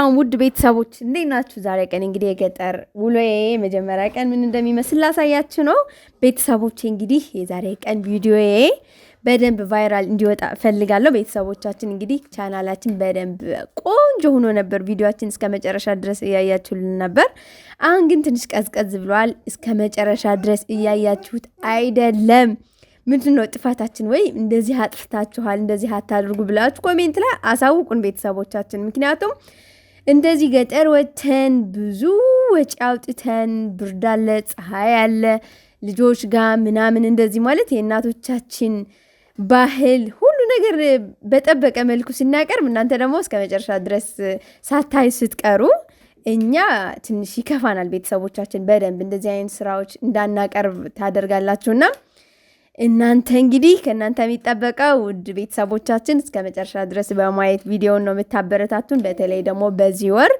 አሁን ውድ ቤተሰቦች እንዴት ናችሁ? ዛሬ ቀን እንግዲህ የገጠር ውሎዬ የመጀመሪያ ቀን ምን እንደሚመስል ላሳያችሁ ነው። ቤተሰቦች እንግዲህ የዛሬ ቀን ቪዲዮዬ በደንብ ቫይራል እንዲወጣ እፈልጋለሁ። ቤተሰቦቻችን እንግዲህ ቻናላችን በደንብ ቆንጆ ሆኖ ነበር። ቪዲዮችን እስከ መጨረሻ ድረስ እያያችሁልን ነበር። አሁን ግን ትንሽ ቀዝቀዝ ብለዋል። እስከ መጨረሻ ድረስ እያያችሁት አይደለም። ምንድን ነው ጥፋታችን? ወይ እንደዚህ አጥፍታችኋል፣ እንደዚህ አታድርጉ ብላችሁ ኮሜንት ላይ አሳውቁን ቤተሰቦቻችን ምክንያቱም እንደዚህ ገጠር ወጥተን ብዙ ወጪ አውጥተን ብርድ አለ፣ ፀሐይ አለ፣ ልጆች ጋር ምናምን እንደዚህ ማለት የእናቶቻችን ባህል ሁሉ ነገር በጠበቀ መልኩ ስናቀርብ እናንተ ደግሞ እስከ መጨረሻ ድረስ ሳታይ ስትቀሩ እኛ ትንሽ ይከፋናል። ቤተሰቦቻችን በደንብ እንደዚህ አይነት ስራዎች እንዳናቀርብ ታደርጋላችሁና እናንተ እንግዲህ ከእናንተ የሚጠበቀው ውድ ቤተሰቦቻችን እስከ መጨረሻ ድረስ በማየት ቪዲዮን ነው የምታበረታቱን። በተለይ ደግሞ በዚህ ወር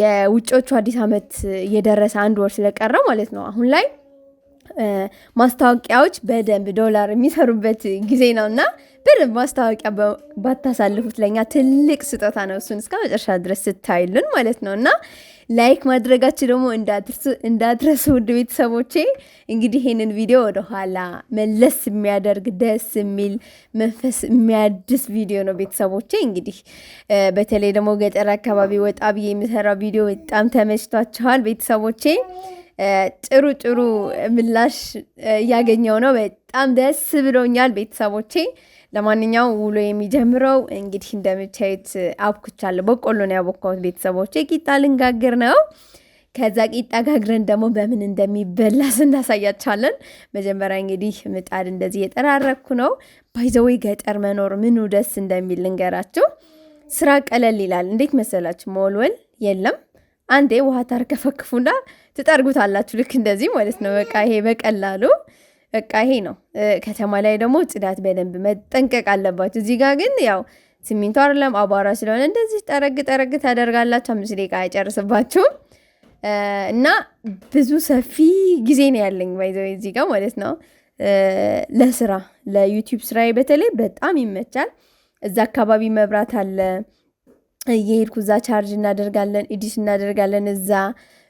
የውጮቹ አዲስ ዓመት እየደረሰ አንድ ወር ስለቀረ ማለት ነው አሁን ላይ ማስታወቂያዎች በደንብ ዶላር የሚሰሩበት ጊዜ ነው እና በደንብ ማስታወቂያ ባታሳልፉት ለኛ ትልቅ ስጦታ ነው። እሱን እስከ መጨረሻ ድረስ ስታይሉን ማለት ነው እና ላይክ ማድረጋችሁ ደግሞ እንዳትረሱ ውድ ቤተሰቦቼ። እንግዲህ ይህንን ቪዲዮ ወደኋላ መለስ የሚያደርግ ደስ የሚል መንፈስ የሚያድስ ቪዲዮ ነው ቤተሰቦቼ። እንግዲህ በተለይ ደግሞ ገጠር አካባቢ ወጣ ብዬ ቪዲዮ በጣም ተመችቷችኋል ቤተሰቦቼ። ጥሩ ጥሩ ምላሽ እያገኘው ነው። በጣም ደስ ብሎኛል ቤተሰቦቼ። ለማንኛውም ውሎ የሚጀምረው እንግዲህ እንደምታዩት አብኩቻለሁ። በቆሎ ነው ያቦካሁት ቤተሰቦቼ። ቂጣ ልንጋግር ነው። ከዛ ቂጣ ጋግረን ደግሞ በምን እንደሚበላ እናሳያቻለን። መጀመሪያ እንግዲህ ምጣድ እንደዚህ የጠራረኩ ነው። ባይዘወይ ገጠር መኖር ምኑ ደስ እንደሚል ልንገራችሁ። ስራ ቀለል ይላል። እንዴት መሰላችሁ? መወልወል የለም አንዴ ውሃ ታርከፈክፉና ትጠርጉታላችሁ። ልክ እንደዚህ ማለት ነው። በቃ ይሄ በቀላሉ በቃ ይሄ ነው። ከተማ ላይ ደግሞ ጽዳት በደንብ መጠንቀቅ አለባችሁ። እዚህ ጋር ግን ያው ሲሚንቶ አይደለም አቧራ ስለሆነ እንደዚህ ጠረግ ጠረግ ታደርጋላችሁ። አምስት ደቂቃ አይጨርስባችሁም እና ብዙ ሰፊ ጊዜ ነው ያለኝ ባይዘ እዚህ ጋር ማለት ነው። ለስራ ለዩቲዩብ ስራዬ በተለይ በጣም ይመቻል። እዛ አካባቢ መብራት አለ እየሄድኩ እዛ ቻርጅ እናደርጋለን፣ ኢዲት እናደርጋለን እዛ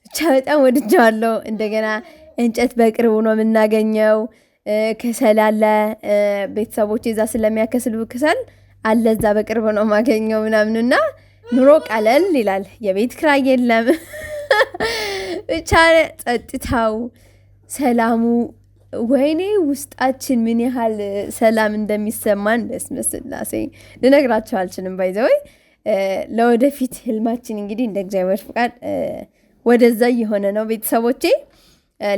ብቻ በጣም ወድጀዋለሁ። እንደገና እንጨት በቅርቡ ነው የምናገኘው። ክሰል አለ፣ ቤተሰቦች እዛ ስለሚያከስሉ ክሰል አለ፣ እዛ በቅርቡ ነው የማገኘው ምናምንና ኑሮ ቀለል ይላል። የቤት ክራይ የለም። ብቻ ጸጥታው፣ ሰላሙ ወይኔ ውስጣችን ምን ያህል ሰላም እንደሚሰማን በስመ ስላሴ ልነግራቸው አልችልም ባይዘወይ ለወደፊት ህልማችን እንግዲህ እንደ እግዚአብሔር ፍቃድ ወደዛ እየሆነ ነው ቤተሰቦቼ።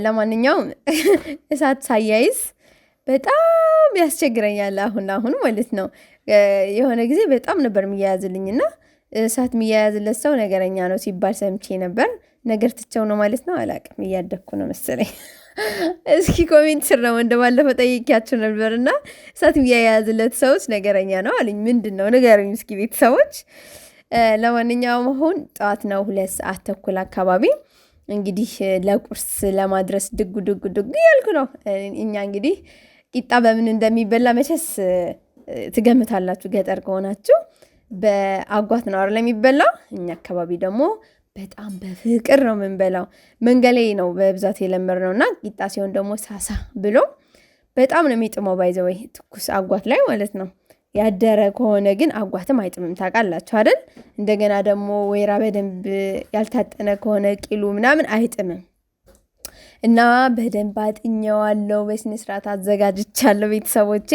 ለማንኛውም እሳት ሳያይዝ በጣም ያስቸግረኛል አሁን አሁን ማለት ነው። የሆነ ጊዜ በጣም ነበር የሚያያዝልኝ እሳት የሚያያዝለት ሰው ነገረኛ ነው ሲባል ሰምቼ ነበር። ነገር ትቸው ነው ማለት ነው። አላቅም እያደግኩ ነው መሰለኝ። እስኪ ኮሜንት ስር ነው እንደባለፈው ጠይቄያቸው ነበር እና እሳት የሚያያዝለት ሰዎች ነገረኛ ነው አለኝ። ምንድን ነው ንገረኝ እስኪ ቤተሰቦች። ለማንኛውም አሁን ጠዋት ነው ሁለት ሰዓት ተኩል አካባቢ እንግዲህ ለቁርስ ለማድረስ ድጉ ድጉ ድጉ ያልኩ ነው። እኛ እንግዲህ ቂጣ በምን እንደሚበላ መቼስ ትገምታላችሁ ገጠር ከሆናችሁ በአጓት ነው አይደል የሚበላው። እኛ አካባቢ ደግሞ በጣም በፍቅር ነው የምንበላው። መንገድ ላይ ነው በብዛት የለመድነው እና ቂጣ ሲሆን ደግሞ ሳሳ ብሎ በጣም ነው የሚጥመው። ባይዘወይ ትኩስ አጓት ላይ ማለት ነው። ያደረ ከሆነ ግን አጓትም አይጥምም። ታውቃላችሁ አይደል? እንደገና ደግሞ ወይራ በደንብ ያልታጠነ ከሆነ ቂሉ ምናምን አይጥምም። እና በደንብ አጥኘዋለሁ፣ በስነ ስርዓት አዘጋጅቻለሁ። ቤተሰቦቼ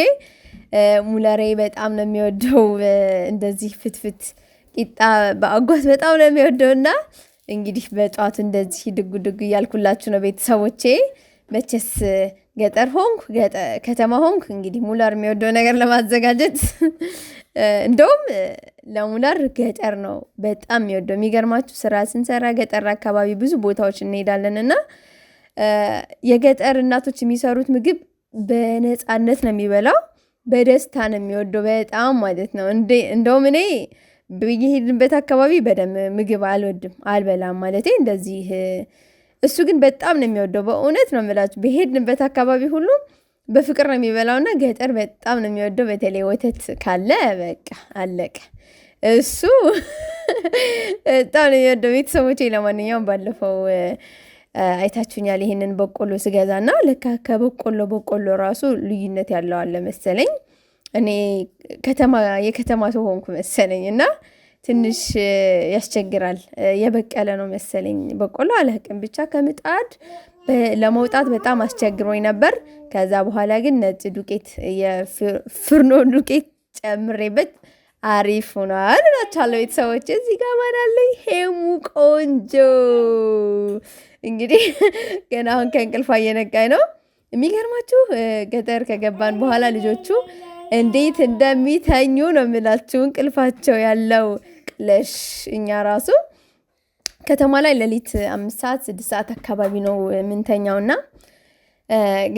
ሙለሬ በጣም ነው የሚወደው እንደዚህ ፍትፍት ቂጣ በአጎት በጣም ነው የሚወደው እና እንግዲህ በጠዋቱ እንደዚህ ድጉ ድጉ እያልኩላችሁ ነው ቤተሰቦቼ። መቼስ ገጠር ሆንኩ ከተማ ሆንኩ እንግዲህ ሙላር የሚወደው ነገር ለማዘጋጀት እንደውም ለሙላር ገጠር ነው በጣም የሚወደው። የሚገርማችሁ ስራ ስንሰራ ገጠር አካባቢ ብዙ ቦታዎች እንሄዳለን እና የገጠር እናቶች የሚሰሩት ምግብ በነፃነት ነው የሚበላው፣ በደስታ ነው የሚወደው በጣም ማለት ነው። እንደውም እኔ የሄድንበት አካባቢ በደም ምግብ አልወድም አልበላም ማለት እንደዚህ። እሱ ግን በጣም ነው የሚወደው። በእውነት ነው የምላችሁ በሄድንበት አካባቢ ሁሉ በፍቅር ነው እና ገጠር በጣም ነው የሚወደው። በተለይ ወተት ካለ በቃ አለቀ። እሱ በጣም ነው የሚወደው። ቤተሰቦቼ ለማንኛውም ባለፈው አይታችሁኛል፣ ይሄንን በቆሎ ስገዛና ለካ ከበቆሎ በቆሎ ራሱ ልዩነት ያለው አለ መሰለኝ። እኔ ከተማ የከተማ ሰው ሆንኩ መሰለኝ እና ትንሽ ያስቸግራል። የበቀለ ነው መሰለኝ በቆሎ አላቅም፣ ብቻ ከምጣድ ለመውጣት በጣም አስቸግሮኝ ነበር። ከዛ በኋላ ግን ነጭ ዱቄት የፍርኖ ዱቄት ጨምሬበት አሪፍ ሆኗል እላችኋለሁ ቤተሰቦች። እዚህ ጋር ማን ሄሙ ቆንጆ። እንግዲህ ገና አሁን ከእንቅልፏ እየነቃኝ ነው። የሚገርማችሁ ገጠር ከገባን በኋላ ልጆቹ እንዴት እንደሚተኙ ነው የምላችሁ። እንቅልፋቸው ያለው ቅለሽ እኛ ራሱ ከተማ ላይ ሌሊት አምስት ሰዓት ስድስት ሰዓት አካባቢ ነው የምንተኛው እና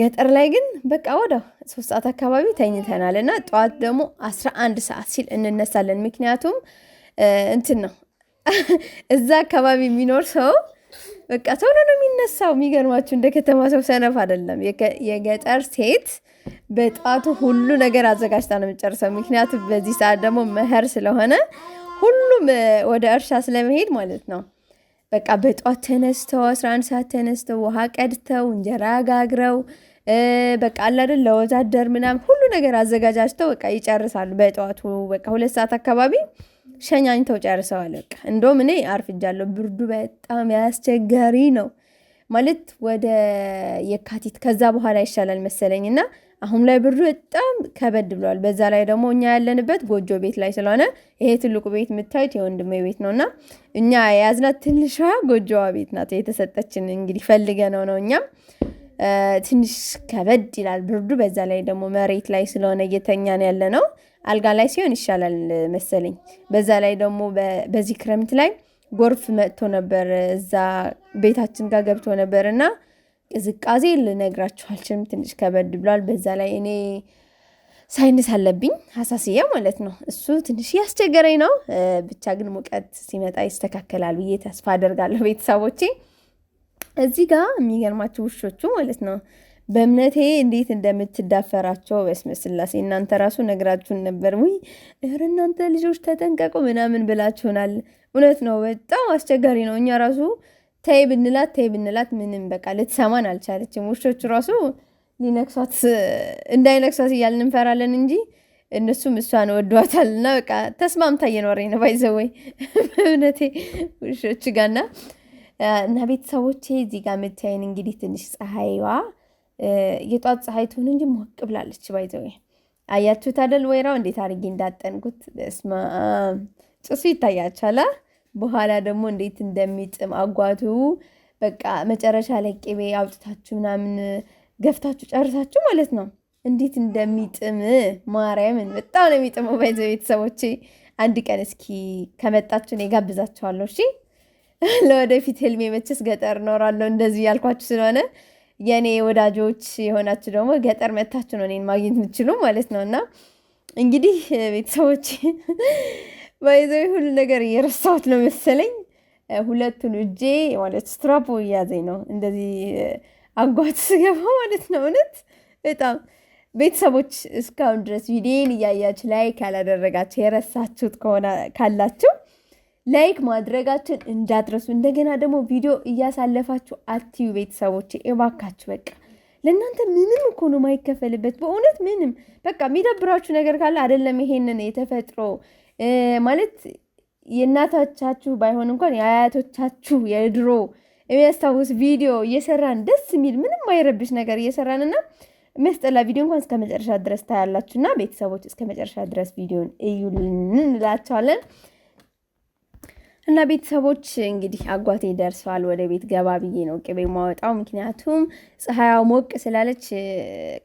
ገጠር ላይ ግን በቃ ወደ ሶስት ሰዓት አካባቢ ተኝተናል እና ጠዋት ደግሞ አስራ አንድ ሰዓት ሲል እንነሳለን። ምክንያቱም እንትን ነው እዛ አካባቢ የሚኖር ሰው በቃ ቶሎ ነው የሚነሳው። የሚገርማችሁ እንደ ከተማ ሰው ሰነፍ አይደለም። የገጠር ሴት በጣቱ ሁሉ ነገር አዘጋጅታ ነው የምጨርሰው። ምክንያቱም በዚህ ሰዓት ደግሞ መኸር ስለሆነ ሁሉም ወደ እርሻ ስለመሄድ ማለት ነው። በቃ በጧት ተነስተው 11 ሰዓት ተነስተው ውሃ ቀድተው እንጀራ ጋግረው በቃ አላደል ለወዛደር ምናምን ሁሉ ነገር አዘጋጃጅተው በቃ ይጨርሳሉ። በጠዋቱ በቃ ሁለት ሰዓት አካባቢ ሸኛኝተው ጨርሰዋል። በቃ እንደውም እኔ አርፍጃለሁ። ብርዱ በጣም ያስቸጋሪ ነው ማለት ወደ የካቲት ከዛ በኋላ ይሻላል መሰለኝ እና አሁን ላይ ብሩ በጣም ከበድ ብሏል። በዛ ላይ ደግሞ እኛ ያለንበት ጎጆ ቤት ላይ ስለሆነ ይሄ ትልቁ ቤት የምታዩት የወንድሜ ቤት ነው እና እኛ የያዝናት ትንሿ ጎጆዋ ቤት ናት የተሰጠችን። እንግዲህ ፈልገ ነው ነው እኛም ትንሽ ከበድ ይላል ብርዱ። በዛ ላይ ደግሞ መሬት ላይ ስለሆነ እየተኛን ያለ ነው። አልጋ ላይ ሲሆን ይሻላል መሰለኝ። በዛ ላይ ደግሞ በዚህ ክረምት ላይ ጎርፍ መጥቶ ነበር፣ እዛ ቤታችን ጋር ገብቶ ነበር እና ቅዝቃዜ ልነግራችሁ አልችልም። ትንሽ ከበድ ብሏል። በዛ ላይ እኔ ሳይንስ አለብኝ ሀሳስያ ማለት ነው። እሱ ትንሽ እያስቸገረኝ ነው። ብቻ ግን ሙቀት ሲመጣ ይስተካከላል ብዬ ተስፋ አደርጋለሁ። ቤተሰቦቼ እዚህ ጋር የሚገርማችሁ ውሾቹ ማለት ነው በእምነቴ እንዴት እንደምትዳፈራቸው በስመ ስላሴ። እናንተ ራሱ ነግራችሁን ነበር። ውይ እህር እናንተ ልጆች ተጠንቀቁ ምናምን ብላችሁናል። እውነት ነው፣ በጣም አስቸጋሪ ነው። እኛ ራሱ ተይ ብንላት ተይ ብንላት ምንም በቃ ልትሰማን አልቻለችም። ውሾቹ ራሱ ሊነክሷት እንዳይነክሷት እያልን እንፈራለን እንጂ እነሱም እሷን ወዷታል እና በቃ ተስማምታ እየኖረ ነው ባይዘወይ እውነቴ ውሾች ጋና እና ቤተሰቦቼ እዚህ ጋር የምታይን እንግዲህ ትንሽ ፀሐይዋ የጧት ፀሐይ ትሆን እንጂ ሞቅ ብላለች። ባይዘወይ አያችሁት አደል ወይራው እንዴት አድርጌ እንዳጠንኩት። በስመ አብ ጭሱ ይታያችኋል። በኋላ ደግሞ እንዴት እንደሚጥም አጓቱ በቃ መጨረሻ ላይ ቅቤ አውጥታችሁ ምናምን ገፍታችሁ ጨርሳችሁ ማለት ነው እንዴት እንደሚጥም ማርያምን በጣም ነው የሚጥመው። ባይዘ ቤተሰቦቼ አንድ ቀን እስኪ ከመጣችሁ እኔ ጋብዛችኋለሁ። እሺ ለወደፊት ህልሜ መቼስ ገጠር እኖራለሁ እንደዚህ ያልኳችሁ ስለሆነ የእኔ ወዳጆች የሆናችሁ ደግሞ ገጠር መታችሁ ነው እኔን ማግኘት የምትችሉ ማለት ነው። እና እንግዲህ ቤተሰቦቼ ባይዘው ሁሉ ነገር እየረሳሁት ነው መሰለኝ። ሁለቱን እጄ ማለት ስትራፖ እያዘኝ ነው እንደዚህ አጓት ስገባ ማለት ነው። እውነት በጣም ቤተሰቦች እስካሁን ድረስ ቪዲዮን እያያችሁ ላይክ ያላደረጋችሁ የረሳችሁት ከሆነ ካላችሁ ላይክ ማድረጋችን እንዳትረሱ። እንደገና ደግሞ ቪዲዮ እያሳለፋችሁ አትዩ ቤተሰቦች እባካችሁ። በቃ ለእናንተ ምንም እኮ ነው ማይከፈልበት በእውነት ምንም። በቃ የሚደብራችሁ ነገር ካለ አይደለም ይሄንን የተፈጥሮ ማለት የእናቶቻችሁ ባይሆን እንኳን የአያቶቻችሁ የድሮ የሚያስታውስ ቪዲዮ እየሰራን ደስ የሚል ምንም አይረብሽ ነገር እየሰራን እና የሚያስጠላ ቪዲዮ እንኳን እስከ መጨረሻ ድረስ ታያላችሁ። እና ቤተሰቦች እስከ መጨረሻ ድረስ ቪዲዮን እዩልን እንላቸዋለን። እና ቤተሰቦች እንግዲህ አጓቴ ደርሰዋል። ወደ ቤት ገባ ብዬ ነው ቅቤ ማወጣው፣ ምክንያቱም ፀሐያ ሞቅ ስላለች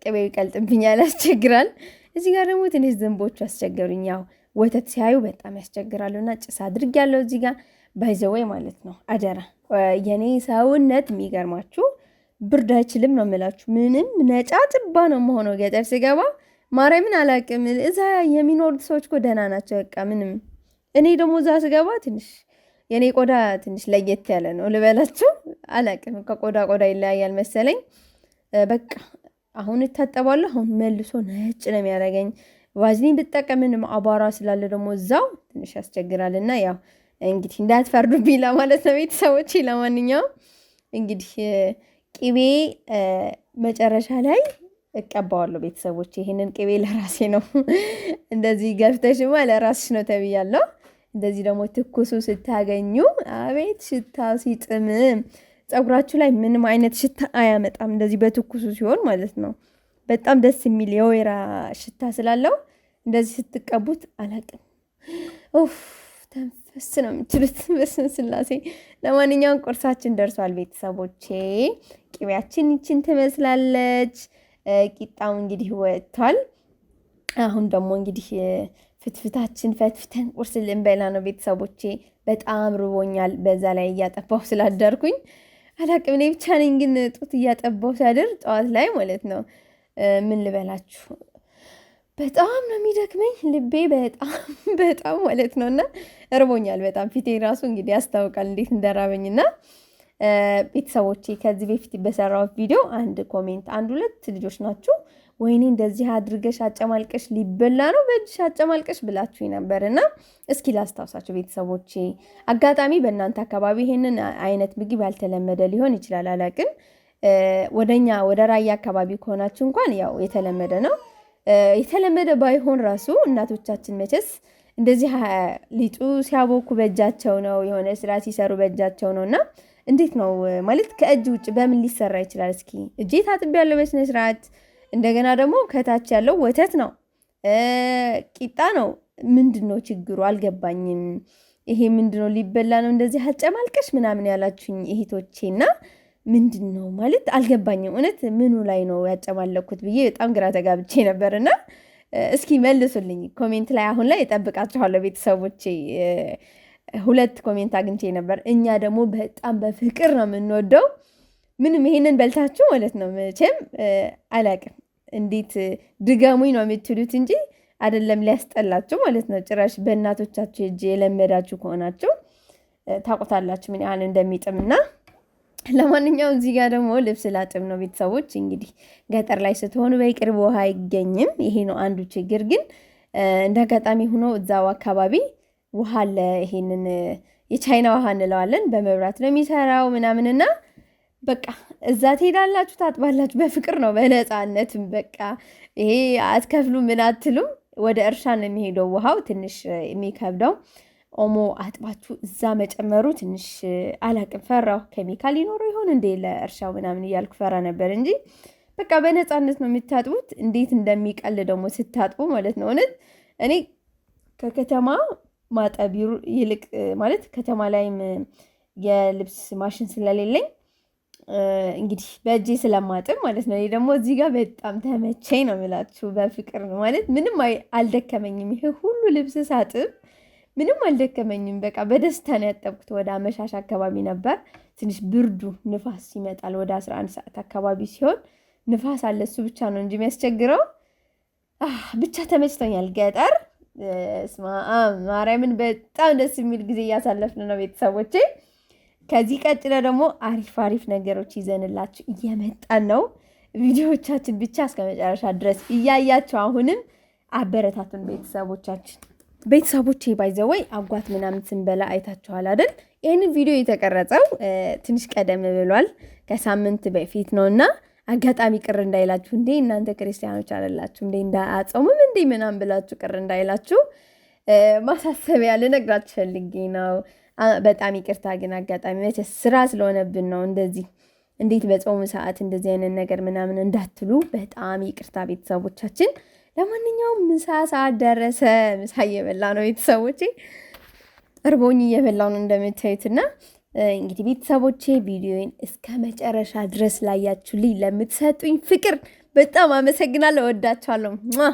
ቅቤው ይቀልጥብኛል፣ ያስቸግራል። እዚህ ጋር ደግሞ ትንሽ ዝንቦቹ አስቸገሩኝ ያው ወተት ሲያዩ በጣም ያስቸግራሉ እና ጭስ አድርግ ያለው እዚህ ጋር ባይዘወይ ማለት ነው። አደራ የኔ ሰውነት የሚገርማችሁ ብርድ አይችልም ነው የምላችሁ። ምንም ነጫ ጭባ ነው መሆነው ገጠር ስገባ ማርያምን አላቅም። እዛ የሚኖሩት ሰዎች እኮ ደህና ናቸው፣ በቃ ምንም። እኔ ደግሞ እዛ ስገባ ትንሽ የእኔ ቆዳ ትንሽ ለየት ያለ ነው ልበላችሁ፣ አላቅም። ከቆዳ ቆዳ ይለያያል መሰለኝ። በቃ አሁን እታጠባለሁ፣ አሁን መልሶ ነጭ ነው የሚያደርገኝ። ቫዝሊን ብጠቀምንም አቧራ ስላለ ደግሞ እዛው ትንሽ ያስቸግራል እና ያው እንግዲህ እንዳትፈርዱብኝ ለማለት ነው ቤተሰቦች። ለማንኛውም እንግዲህ ቅቤ መጨረሻ ላይ እቀባዋለሁ ቤተሰቦች። ይህንን ቅቤ ለራሴ ነው እንደዚህ ገፍተሽማ ለራስሽ ነው ተብያለሁ። እንደዚህ ደግሞ ትኩሱ ስታገኙ አቤት ሽታ ሲጥም፣ ፀጉራችሁ ላይ ምንም አይነት ሽታ አያመጣም እንደዚህ በትኩሱ ሲሆን ማለት ነው። በጣም ደስ የሚል የወይራ ሽታ ስላለው እንደዚህ ስትቀቡት አላቅም ኡፍ ተንፈስ ነው የምችሉት። በስመ ስላሴ። ለማንኛውም ቁርሳችን ደርሷል ቤተሰቦቼ። ቅቤያችን ይችን ትመስላለች። ቂጣው እንግዲህ ወጥቷል። አሁን ደግሞ እንግዲህ ፍትፍታችን ፈትፍተን ቁርስ ልንበላ ነው ቤተሰቦቼ። በጣም ርቦኛል። በዛ ላይ እያጠባሁ ስላደርኩኝ አላቅም። እኔ ብቻ ነኝ ግን ጡት እያጠባሁ ሳድር ጠዋት ላይ ማለት ነው ምን ልበላችሁ በጣም ነው የሚደክመኝ ልቤ በጣም በጣም ማለት ነው። እና እርቦኛል በጣም ፊቴ ራሱ እንግዲህ ያስታውቃል እንዴት እንደራበኝ እና ቤተሰቦቼ ከዚህ በፊት በሰራሁት ቪዲዮ አንድ ኮሜንት አንድ ሁለት ልጆች ናችሁ ወይኔ እንደዚህ አድርገሽ አጨማልቀሽ ሊበላ ነው በእጅሽ አጨማልቀሽ ብላችሁ ነበር። እና እስኪ ላስታውሳቸው ቤተሰቦቼ፣ አጋጣሚ በእናንተ አካባቢ ይሄንን አይነት ምግብ ያልተለመደ ሊሆን ይችላል አላቅን ወደኛ ወደ ራያ አካባቢ ከሆናችሁ እንኳን ያው የተለመደ ነው። የተለመደ ባይሆን ራሱ እናቶቻችን መቼስ እንደዚህ ሊጡ ሲያቦኩ በእጃቸው ነው፣ የሆነ ስራ ሲሰሩ በእጃቸው ነው። እና እንዴት ነው ማለት ከእጅ ውጭ በምን ሊሰራ ይችላል? እስኪ እጄ ታጥቤ ያለው በስነ ስርዓት። እንደገና ደግሞ ከታች ያለው ወተት ነው ቂጣ ነው። ምንድን ነው ችግሩ? አልገባኝም። ይሄ ምንድን ነው? ሊበላ ነው እንደዚህ አጨማልቀሽ ምናምን ያላችሁኝ እህቶቼ እና ምንድን ነው ማለት አልገባኝም። እውነት ምኑ ላይ ነው ያጨማለኩት ብዬ በጣም ግራ ተጋብቼ ነበርና እስኪ መልሱልኝ ኮሜንት ላይ። አሁን ላይ እጠብቃችኋለሁ ቤተሰቦቼ። ሁለት ኮሜንት አግኝቼ ነበር። እኛ ደግሞ በጣም በፍቅር ነው የምንወደው። ምንም ይሄንን በልታችሁ ማለት ነው መቼም አላቅም። እንዴት ድጋሙኝ ነው የምትሉት እንጂ አይደለም ሊያስጠላችሁ ማለት ነው። ጭራሽ በእናቶቻችሁ እጅ የለመዳችሁ ከሆናችሁ ታውቁታላችሁ ምን ያህል እንደሚጥም እና ለማንኛውም እዚህ ጋር ደግሞ ልብስ ላጥብ ነው። ቤተሰቦች እንግዲህ ገጠር ላይ ስትሆኑ በቅርብ ውሃ አይገኝም። ይሄ ነው አንዱ ችግር። ግን እንደ አጋጣሚ ሆኖ እዛው አካባቢ ውሃ አለ። ይሄንን የቻይና ውሃ እንለዋለን። በመብራት ነው የሚሰራው ምናምንና በቃ እዛ ትሄዳላችሁ፣ ታጥባላችሁ። በፍቅር ነው በነፃነትም በቃ ይሄ አትከፍሉ ምን አትሉም። ወደ እርሻ ነው የሚሄደው ውሃው ትንሽ የሚከብደው ኦሞ አጥባችሁ እዛ መጨመሩ ትንሽ አላቅም ፈራሁ። ኬሚካል ይኖረው ይሆን እንዴ ለእርሻው ምናምን እያልኩ ፈራ ነበር እንጂ በቃ በነፃነት ነው የምታጥቡት። እንዴት እንደሚቀል ደግሞ ስታጥቡ ማለት ነው። እውነት እኔ ከከተማ ማጠብ ይልቅ ማለት ከተማ ላይም የልብስ ማሽን ስለሌለኝ እንግዲህ በእጄ ስለማጥብ ማለት ነው። ደግሞ እዚህ ጋር በጣም ተመቸኝ ነው የምላችሁ። በፍቅር ነው ማለት ምንም አልደከመኝም። ይሄ ሁሉ ልብስ ሳጥብ ምንም አልደከመኝም። በቃ በደስታ ነው ያጠብኩት። ወደ አመሻሽ አካባቢ ነበር ትንሽ ብርዱ ንፋስ ይመጣል። ወደ 11 ሰዓት አካባቢ ሲሆን ንፋስ አለ። እሱ ብቻ ነው እንጂ የሚያስቸግረው። ብቻ ተመችቶኛል። ገጠር ስማ ማርያምን በጣም ደስ የሚል ጊዜ እያሳለፍን ነው ቤተሰቦቼ። ከዚህ ቀጥለ ደግሞ አሪፍ አሪፍ ነገሮች ይዘንላችሁ እየመጣን ነው። ቪዲዮዎቻችን ብቻ እስከ መጨረሻ ድረስ እያያችሁ አሁንም አበረታቱን ቤተሰቦቻችን። ቤተሰቦች ባይዘወይ አጓት ምናምን ስንበላ አይታችኋል አይደል? ይህን ቪዲዮ የተቀረጸው ትንሽ ቀደም ብሏል፣ ከሳምንት በፊት ነው እና አጋጣሚ ቅር እንዳይላችሁ እንዴ እናንተ ክርስቲያኖች አለላችሁ እንዴ እንዳአጾምም እንዴ ምናምን ብላችሁ ቅር እንዳይላችሁ ማሳሰቢያ ልነግራችሁ ፈልጌ ነው። በጣም ይቅርታ ግን አጋጣሚ መቼ ስራ ስለሆነብን ነው እንደዚህ እንዴት በጾሙ ሰዓት እንደዚህ አይነት ነገር ምናምን እንዳትሉ በጣም ይቅርታ ቤተሰቦቻችን። ለማንኛውም ምሳ ሰዓት ደረሰ። ምሳ እየበላ ነው ቤተሰቦቼ፣ እርቦኝ እየበላው ነው እንደምታዩትና እንግዲህ ቤተሰቦቼ ቪዲዮን እስከ መጨረሻ ድረስ ላያችሁልኝ ለምትሰጡኝ ፍቅር በጣም አመሰግናለሁ። እወዳችኋለሁ።